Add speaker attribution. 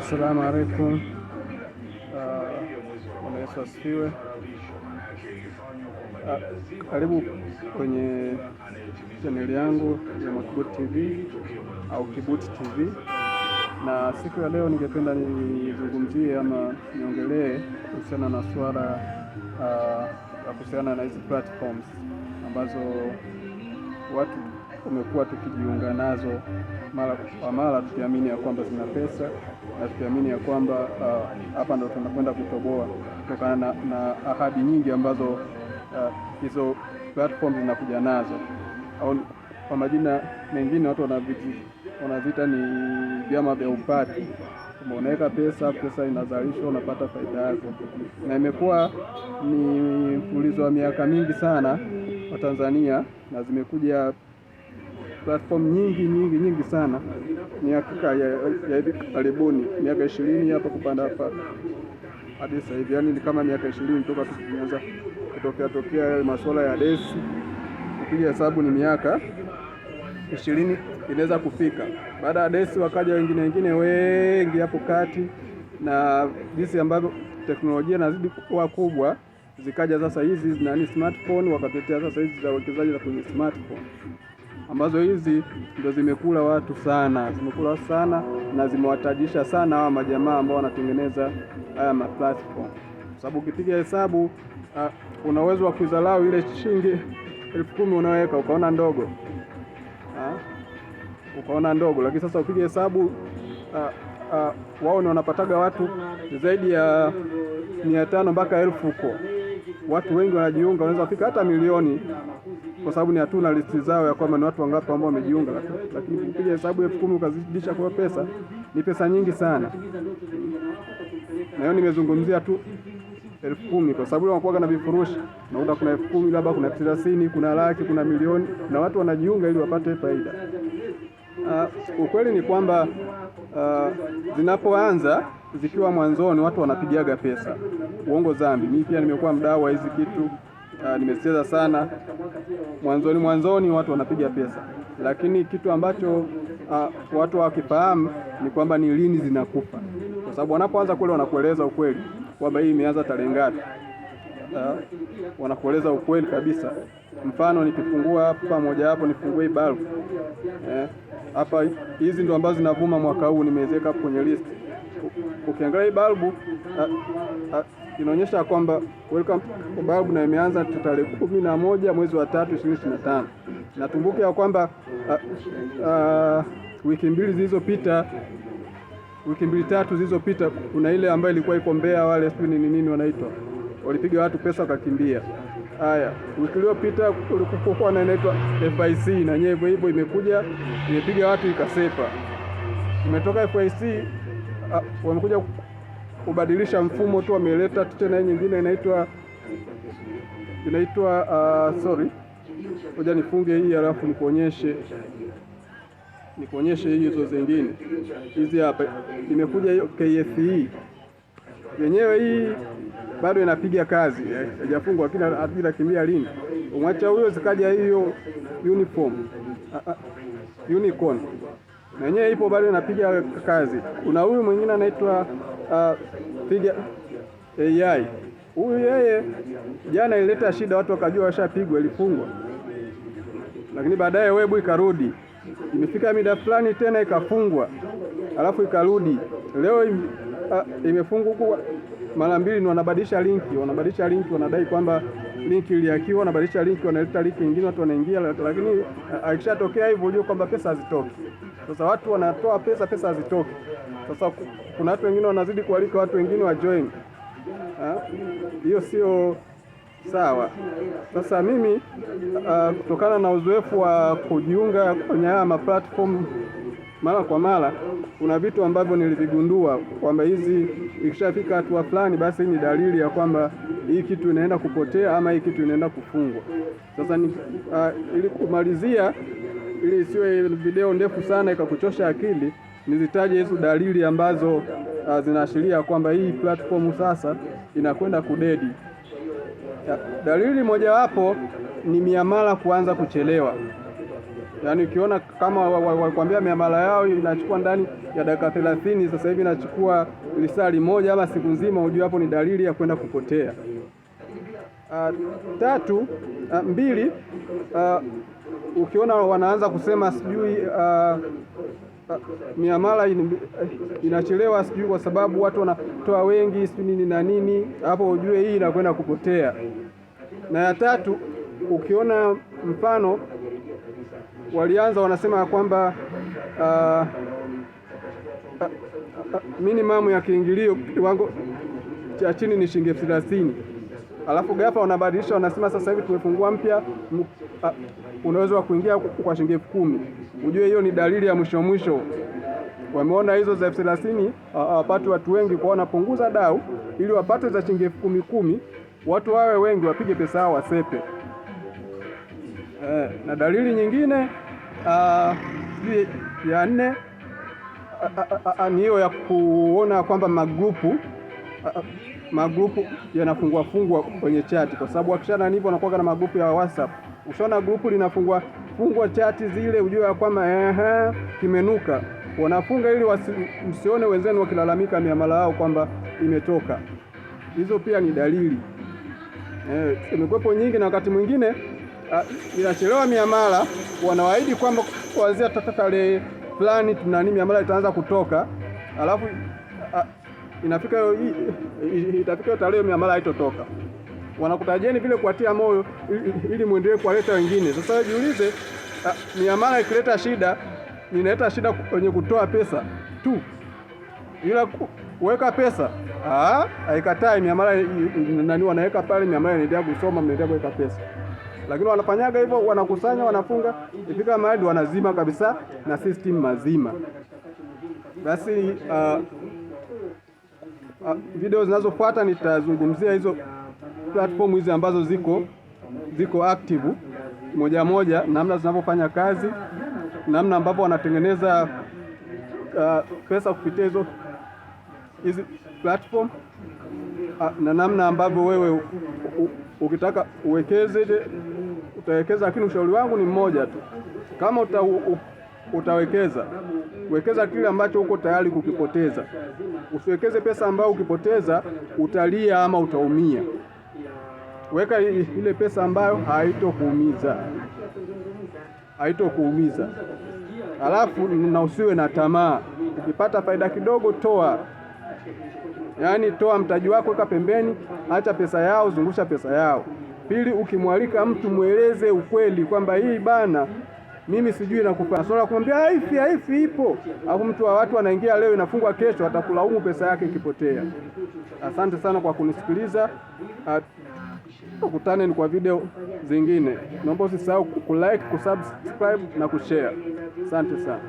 Speaker 1: Assalamu alaikum. Uh, Bwana uh, Yesu asifiwe. Uh, karibu kwenye chaneli yangu ya Makibuti TV au Kibuti TV, na siku ya leo ningependa nizungumzie ama niongelee kuhusiana na swala la uh, kuhusiana na hizi platforms ambazo watu tumekuwa tukijiunga nazo mara kwa mara, tukiamini ya kwamba zina pesa na tukiamini ya kwamba uh, hapa uh, ndo tunakwenda kutoboa kutokana na, na ahadi nyingi ambazo uh, hizo uh, platform zinakuja nazo au kwa majina mengine watu wanavita ni vyama vya upati. Unaweka pesa, pesa inazalishwa, unapata faida yako, na imekuwa ni mfululizo wa miaka mingi sana wa Tanzania na zimekuja platform nyingi nyingi nyingi sana miaka ya hivi karibuni, miaka ishirini hapa kupanda hapa hadi sasa hivi, yani ni kama miaka ishirini toka tukianza kutokea tokea yale masuala ya desi. Kupiga hesabu ni miaka ishirini inaweza kufika. Baada ya desi wakaja wengine wengine wengi hapo kati, na jinsi ambavyo teknolojia inazidi kuwa kubwa zikaja sasa hizi nani smartphone, wakatetea sasa hizi za uwekezaji za kwenye smartphone ambazo hizi ndio zimekula watu sana, zimekula watu sana na zimewatajisha sana hawa majamaa ambao wanatengeneza haya maplatform, kwa sababu ukipiga hesabu uh, una uwezo wa kuidharau ile shilingi elfu kumi unaweka ukaona ndogo ha? Ah, ukaona ndogo, lakini sasa upiga hesabu uh, uh, wao ni wanapataga watu zaidi ya mia tano mpaka elfu huko. Watu wengi wanajiunga, wanaweza kufika hata milioni kwa sababu ni hatuna listi zao ya kwamba ni watu wangapi ambao wamejiunga, lakini ukipiga hesabu elfu kumi ukazidisha kwa pesa ni pesa nyingi sana. Na hiyo nimezungumzia tu elfu kumi kwa sababu wanakuwa na vifurushi, nakuta kuna elfu kumi labda kuna elfu thelathini kuna laki kuna milioni, na watu wanajiunga ili wapate faida. Uh, ukweli ni kwamba uh, zinapoanza zikiwa mwanzoni watu wanapigaga pesa, uongo zambi. Mimi pia nimekuwa mdau wa hizi kitu uh, ah, nimesitiza sana mwanzoni mwanzoni watu wanapiga pesa, lakini kitu ambacho uh, watu hawakifahamu ni kwamba ni lini zinakufa, kwa sababu wanapoanza kule wanakueleza ukweli kwamba hii imeanza tarehe ngapi. Uh, wanakueleza ukweli kabisa. Mfano, nikifungua hapa moja hapo, nifungue hii balbu eh, hapa eh, hizi ndo ambazo zinavuma mwaka huu, nimeziweka hapo kwenye list. Ukiangalia hii balbu uh, uh, inaonyesha kwamba Welcome to na imeanza tarehe kumi na moja mwezi wa tatu 2025 na tumbuke ya kwamba uh, uh, wiki mbili zilizopita wiki mbili tatu zilizopita kuna ile ambayo ilikuwa iko Mbeya, wale sijui nini nini wanaitwa, walipiga watu pesa wakakimbia. Haya, wiki iliyopita kulikuwa na inaitwa FIC na nyewe hivyo hivyo, imekuja imepiga watu ikasepa. Imetoka FIC ah, wamekuja kubadilisha mfumo tu, wameleta tu tena nyingine inaitwa inaitwa uh, sorry, ngoja nifunge hii halafu nikuonyeshe nikuonyeshe hizo zingine. Hizi hapa imekuja hiyo KFE yenyewe, hii bado inapiga kazi, eh, haijafungwa lakini hadi kimbia lini, umwacha huyo, zikaja hiyo uniform uh, uh, unicorn na yenyewe ipo bado inapiga kazi. Kuna huyu mwingine anaitwa uh, piga AI huyu yeye jana ilileta shida, watu wakajua washapigwa, ilifungwa, lakini baadaye webu ikarudi, imefika mida fulani tena ikafungwa, alafu ikarudi leo im, imefungwa mara mbili, ni wanabadilisha linki, wanabadilisha linki, wanadai kwamba link iliakiwa, nabadilisha link, wanaleta link nyingine, watu wanaingia, lakini akishatokea eh, hivyo ujue kwamba pesa hazitoki. Sasa watu wanatoa pesa, pesa hazitoki. Sasa kuna watu wengine wanazidi kualika watu wengine wa join, ah, hiyo sio sawa. Sasa mimi uh, kutokana na uzoefu wa kujiunga kwenye haya maplatform mara kwa mara, kuna vitu ambavyo nilivigundua kwamba hizi ikishafika hatua fulani, basi ni dalili ya kwamba hii kitu inaenda kupotea ama hii kitu inaenda kufungwa. Sasa ni, uh, ili kumalizia, ili isiwe video ndefu sana ikakuchosha akili, nizitaje hizo dalili ambazo uh, zinaashiria kwamba hii platform sasa inakwenda kudedi. Dalili mojawapo ni miamala kuanza kuchelewa. Yaani ukiona kama wa, miamala yao inachukua ndani ya dakika thelathini, sasa hivi inachukua lisali moja ama siku nzima, hujua hapo ni dalili ya kwenda kupotea uh, tatu uh, mbili uh, ukiona wanaanza kusema sijui uh, uh, miamala in, uh, inachelewa sijui kwa sababu watu wanatoa wengi sijui nini na nini, hapo ujue hii inakwenda kupotea. Na ya tatu ukiona mfano walianza wanasema kwamba uh, uh, uh, uh minimamu ya kiingilio kiwango cha chini ni shilingi elfu thelathini alafu ghafla wanabadilisha, wanasema sasa hivi tumefungua mpya, unaweza wa kuingia kwa shilingi elfu kumi. Ujue hiyo ni dalili ya mwisho mwisho. Wameona hizo za elfu thelathini hawapati watu wengi, kwa wanapunguza dau ili wapate za shilingi elfu kumi kumi, watu wawe wengi, wapige pesa hao wasepe. Eh, na dalili nyingine sijui ya nne ni hiyo ya kuona kwamba magrupu magrupu yanafungua fungwa kwenye chati, kwa sababu wakishana hivyo anakuwa na magrupu ya WhatsApp. Ushaona grupu linafungua fungwa chati zile, ujue ya kwamba ehe, kimenuka. Wanafunga ili wasi, msione wenzenu wakilalamika miamala yao kwamba imetoka. Hizo pia ni dalili eh, imekuwepo nyingi, na wakati mwingine inachelewa miamala, wanawaahidi kwamba kuanzia tarehe fulani tunani miamala itaanza kutoka, alafu a, inafika itafika tarehe mia mara haitotoka, wanakutajeni vile kuatia moyo ili muendelee kuwaleta wengine. Sasa jiulize, miamala ikileta shida ninaleta shida kwenye kutoa pesa tu, ila kuweka pesa haikatai. Miamala nani wanaweka pale, miamala inaendelea kusoma, mnaendelea kuweka pesa lakini wanafanyaga hivyo, wanakusanya, wanafunga, ifika mahali wanazima kabisa na system mazima. Basi uh, Ah, video zinazofuata nitazungumzia hizo platform hizi ambazo ziko ziko active moja moja, namna zinavyofanya kazi, namna ambapo wanatengeneza uh, pesa kupitia hizo hizi platform uh, na namna ambavyo wewe u, u, ukitaka uwekeze utawekeza, lakini ushauri wangu ni mmoja tu, kama uta u, utawekeza, wekeza kile ambacho uko tayari kukipoteza. Usiwekeze pesa ambayo ukipoteza utalia ama utaumia. Weka ile pesa ambayo haitokuumiza, haitokuumiza. Alafu na usiwe na tamaa. Ukipata faida kidogo, toa Yaani, toa mtaji wako, weka pembeni, acha pesa yao, zungusha pesa yao. Pili, ukimwalika mtu mweleze ukweli kwamba hii bana mimi sijui nakufanya swala kumwambia haifi haifi, ipo au mtu wa watu anaingia leo inafungwa kesho, atakulaumu pesa yake ikipotea. Asante sana kwa kunisikiliza, tukutane ni kwa video zingine. Naomba usisahau kulike, kusubscribe na kushare. Asante sana.